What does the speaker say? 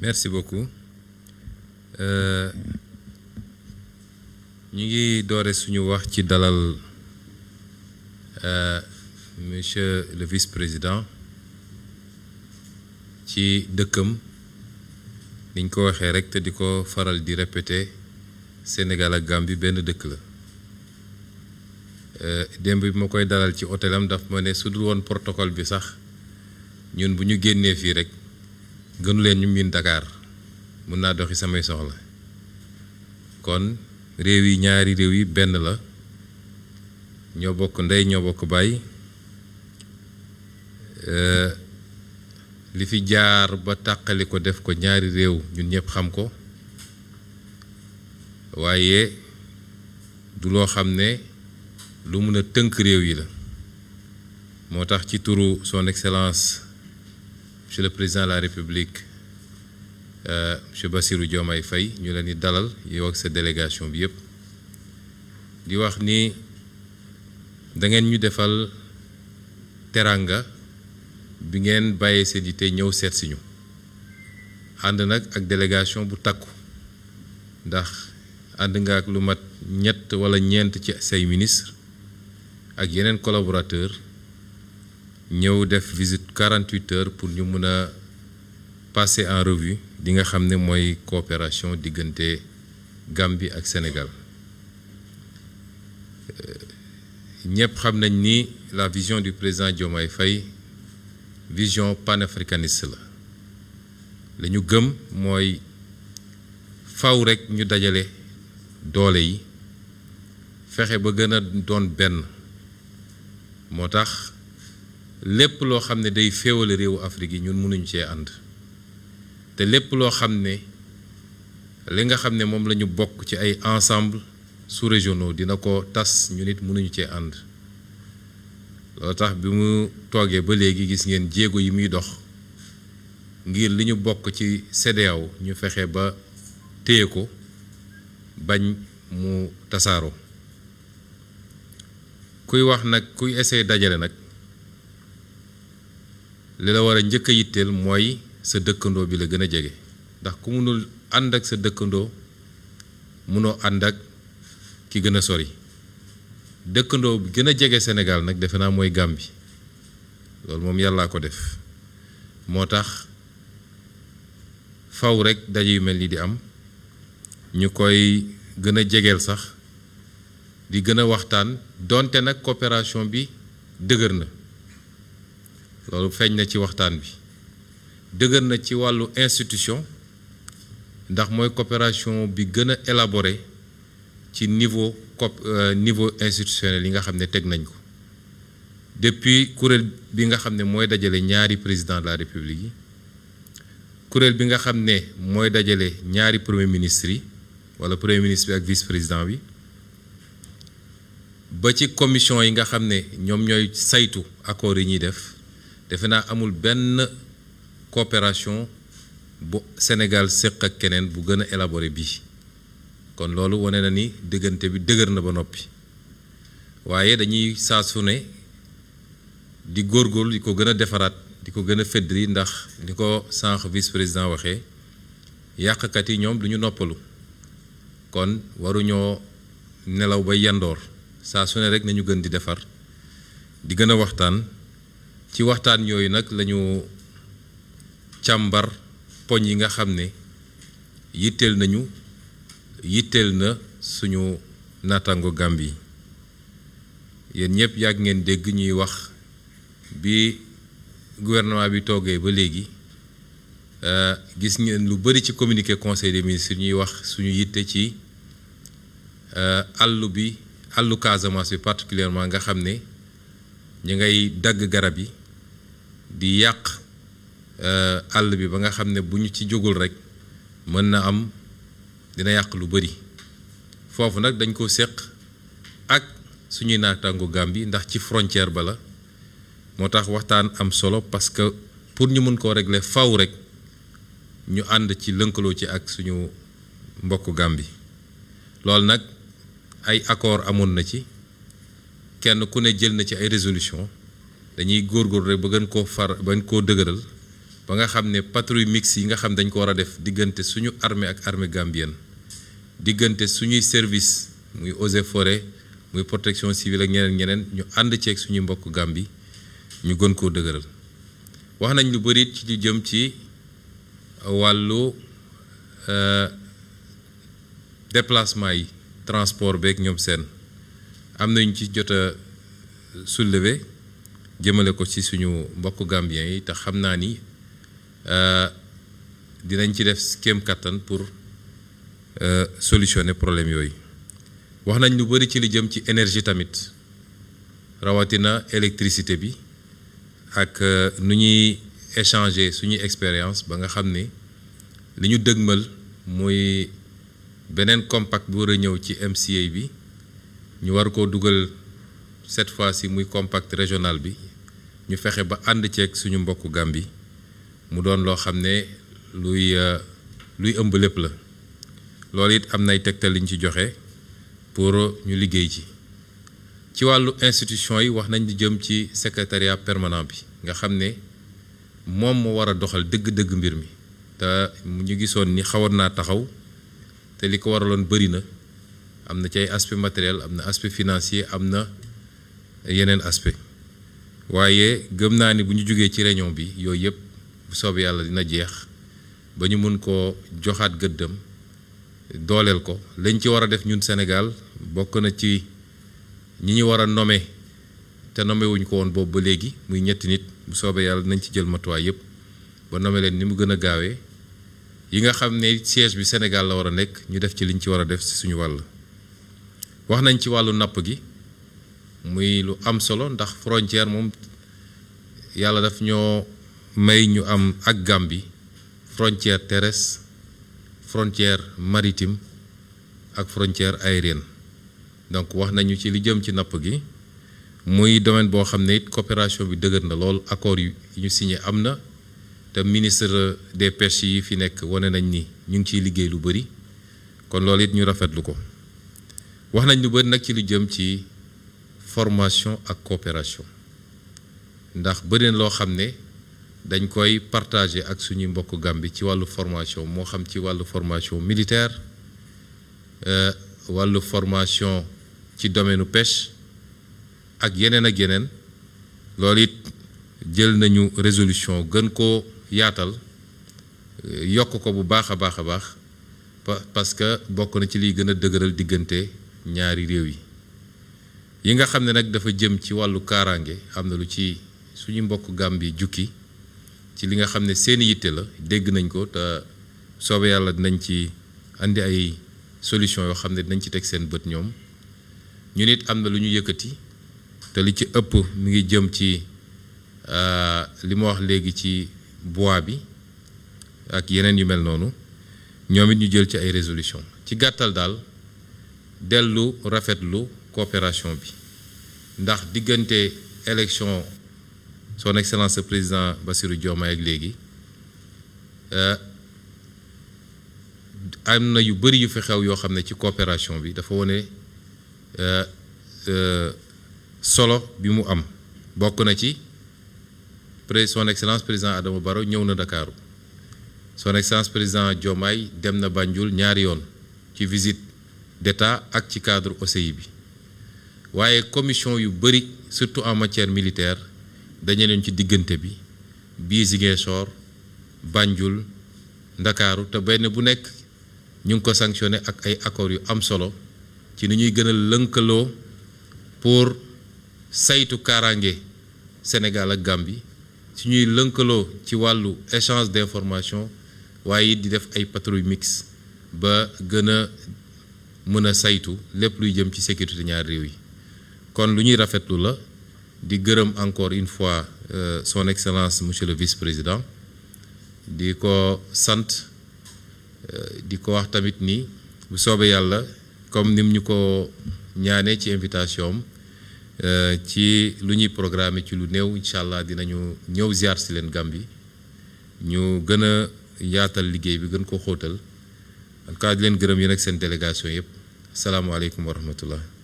merci beaucoup euh, ñu ngi doore suñu wax ci dalal euh, monsieur le vice-président ci dëkkam niñ ko waxee rek te di faral di répéter Sénégal ak Gambie ben dëkk la euh, démb bi ma koy dalal ci hôtelam daf mo ne su won protocole bi sax ñun buñu génné fi rek gënu leen ñu miin dakaar mën naa doxi samay soxla kon réew yi ñaari réew yi benn la ñoo bokk ndey ñoo bokk baay euh, li fi jaar ba tàqali ko def ko ñaari réew ñun ñëpp xam ko waaye du loo xam ne lu mën a tënk réew yi la moo tax ci turu son excellence monsieur le président de la république euh, M. Bassirou Diomaye Fay ñu leen dalal yow ak sa délégation bi yëpp di wax ni da ngeen ñu defal teranga bi ngeen bàyyee seen yite ñëw seet si ñu ànd nag ak délégation bu takku ndax ànd nga ak lu mat ñett wala ñeent ci say ministre ak yeneen collaborateur fait def visite 48 heures pour ñu passer en revue la nga coopération diggante Gambie ak Sénégal Nous euh, xam ni la vision du président Diomaye Faye vision panafricaniste la la ñu gëm mooy faw rek ñu dajale doole ba lépp loo xam ne day féewale réewu Afrique yi ñun mënuñ cee ànd te lépp loo xam ne li nga xam ne moom lañu bokk ci ay ensemble sous-régionaux dina ko tas ñu it mënuñu cee ànd loolu tax bi mu toogee ba léegi gis ngeen jéego yi muy dox ngir li ñu bokk ci CEDEAO ñu fexe ba téye ko bañ mu tasaaroo kuy wax nag kuy essayer dajale nag li la war a njëkk a yitteel mooy sa dëkkandoo bi la gën a jege ndax ku mënul ànd ak sa dëkkandoo mënoo ànd ak ki gën a sori dëkkandoo bi gën a jege senegal nag defe naa mooy Gambie loolu moom yàllaa ko def moo tax faw rek daje yu mel ni di am ñu koy gën a jegeel sax di gën a waxtaan donte nag coopération bi dëgër na. loolu feeñ na ci waxtaan bi dëgër na ci wàllu institution ndax mooy coopération bi gën a élaboré ci niveau cop euh, niveau institutionnel yi nga xam ne teg nañ ko depuis kuréel bi nga xam ne mooy dajale ñaari président de la république yi kuréel bi nga xam ne mooy dajale ñaari premier ministre yi wala premier ministre bi ak vice président bi ba ci commission yi nga xam ne ñoom ñooy saytu accord yi ñuy def defena amul ben coopération bu Sénégal séq ak kenen bu gëna élaborer bi kon lolu woné na ni diggante bi dëgër na ba nopi wayé dañuy saa su di gorgol diko gëna défarat diko gëna fédri ndax sank vice président waxé ñom duñu noppalu kon ñoo nelaw ba yandor saa su rek nañu gën di defar di gëna waxtaan ci waxtaan yooyu nag lañu càmbar poñ yi nga xam ne yitteel nañu yitteel na suñu naataango Gàmbi yéen ñëpp yàgg ngeen dégg ñuy wax bi gouvernement bi toogee ba léegi euh, gis ngeen lu bari ci communiqué conseil des ministres ñuy wax suñu yitte ci euh, àll bi àllu Casamance bi particulièrement nga xam ne ñu ngay dagg garab yi di euh all bi ba nga xamne ne ci jogul rek mën na am dina yak lu bari fofu nak dañ ko sekk ak suñuy tanggo gambi ndax ci frontière ba la motax am solo parce que pour ñu mën ko régler faaw rek ñu and ci leunkelo ci ak suñu mbokk gambi. lol nak ay accord amun na ci kenn ku ne jël na ci ay résolution dañuy góor rek ba gën koo far ba gën koo dëgëral ba nga xam ne patrouille mixte yi nga xam dañ ko war a def diggante suñu armee ak armée gambien diggante suñuy service muy eaux et muy protection civile ak ñeneen ñeneen ñu ànd ceeg suñu mbokk Gàmbi ñu gën koo dëgëral wax nañ lu bëri ci lu jëm ci wàllu euh, déplacement yi transport beeg ñoom seen am nañu ci jot a jëmale ko ci suñu mbokk gambien yi te xam naa ni euh, dinañ ci def kéem kattan pour euh, solutionner problème yooyu wax nañ lu bëri ci li jëm ci énergie tamit rawatina électricité bi ak euh, nu ñuy échanger suñu expérience ba nga xam ni li ñu dëgmal muy beneen compact bu war a ñëw ci MCA bi ñu war koo dugal cette fois ci muy compact régional bi ñu fexé ba ci ak suñu mbokk Gàmbi mu doon lo xamné luy euh, luy ëmb lépp la loolu it am nay tektal liñ ci joxé pour ñu liggéey ci ci walu institution yi wax nañ di jëm ci secrétariat permanent bi nga xamné mom moom wara doxal deug deug mbir mi te ñu gisoon ni xawon na taxaw te liko ko waraloon bëri na am na ci ay aspect matériel am aspect financier am yeneen aspect waaye gëm naa ni bu ñu jógee ci réunion bi yooyu yëpp bu soobee yàlla dina jeex ba ñu mun koo joxaat gëddam dooleel ko lañ ci war a def ñun Sénégal bokk na ci ñi ñu war a nommer te nommer wuñ ko woon boobu ba léegi muy ñetti nit bu soobee yàlla nañ ci jël matuwaay yëpp ba nome leen ni mu gën a gaawee yi nga xam ne siège bi Sénégal la war a nekk ñu def ci liñ ci war a def si suñu wàll wax nañ ci wàllu napp gi. muy lu am solo ndax frontière moom yàlla daf ñoo may ñu am ak Gambie frontière teres frontière maritime ak frontière aérienne donc wax nañu ci lu jëm ci napp gi muy domaine boo xam ne it coopération bi dëgër na lool accord yu ñu signé am na te ministre des pêches yi fi nekk wane nañ ni ñu ngi ciy liggéey lu bëri kon loolu it ñu rafetlu ko wax nañ lu bëri nag ci lu jëm ci formation à coopération ndax bëri lo xamné dañ koy partager ak suñu mbokk Gambie ci walu formation mo xam ci walu formation militaire euh, walu formation ci domaine pêche ak yenen ak yenen loolu jël nañu résolution gën ko yaatal euh, yok ko bu baaxa baaxa baax parce que bokku na ci li gëna dëgeural digënté ñaari réew yi yi nga xam ne nag dafa jëm ci wàllu kaaraange am na lu ci suñu mbokk bi jukki ci li nga xam ne seeni yitte la dégg nañ ko te soobee yàlla dinañ ci andi ay solution yoo xam ne dinañ ci teg seen bët ñoom ñu nit am na lu ñu yëkkati te li ci ëpp mu ngi jëm ci euh, li ma wax léegi ci bois bi ak yeneen yu mel noonu ñoom it ñu jël ci ay résolution ci gàttal daal dellu rafetlu coopération bi ndax diggante élection son excellence le président Bassirou Diomaye ak Légui, euh, am na yu bëri yu fi xew yoo ci coopération bi dafa wone euh, euh, solo bi mu am bokk na ci son excellence président Adama Baro ñëw na Dakar. son excellence président Diomaye dem na Banjul ñaar yoon ci visite d'état ak ci cadre OCI bi waaye commission yu bëri surtout en matière militaire dañu leen ci diggante bi bii Ziguinchor Banjul Ndakaaru te benn bu nekk ñu ngi ko sanctionné ak ay accords yu am solo ci ni ñuy gën a lënkaloo pour saytu kaaraange Sénégal ak Gambie su ñuy lënkaloo ci wàllu échange d'information waaye di def ay patrouille mixte ba gën a mën a saytu lépp luy jëm ci sécurité ñaari réew yi kon lu ñuy rafetlu la di gërëm encore une fois euh, son excellence monsieur le vice-président di ko sant euh, di ko wax tamit ni bu soobee yàlla comme nim ñu ko ñaanee ci invitation am euh, ci lu ñuy programme ci lu néew incha allah dinañu ñëw ziar si leen Gambie ñu gën a yaatal liggéey bi gën ko xootal en di leen gërëm yéen ak seen délégation yëpp salaamaaleykum wa rahmatullah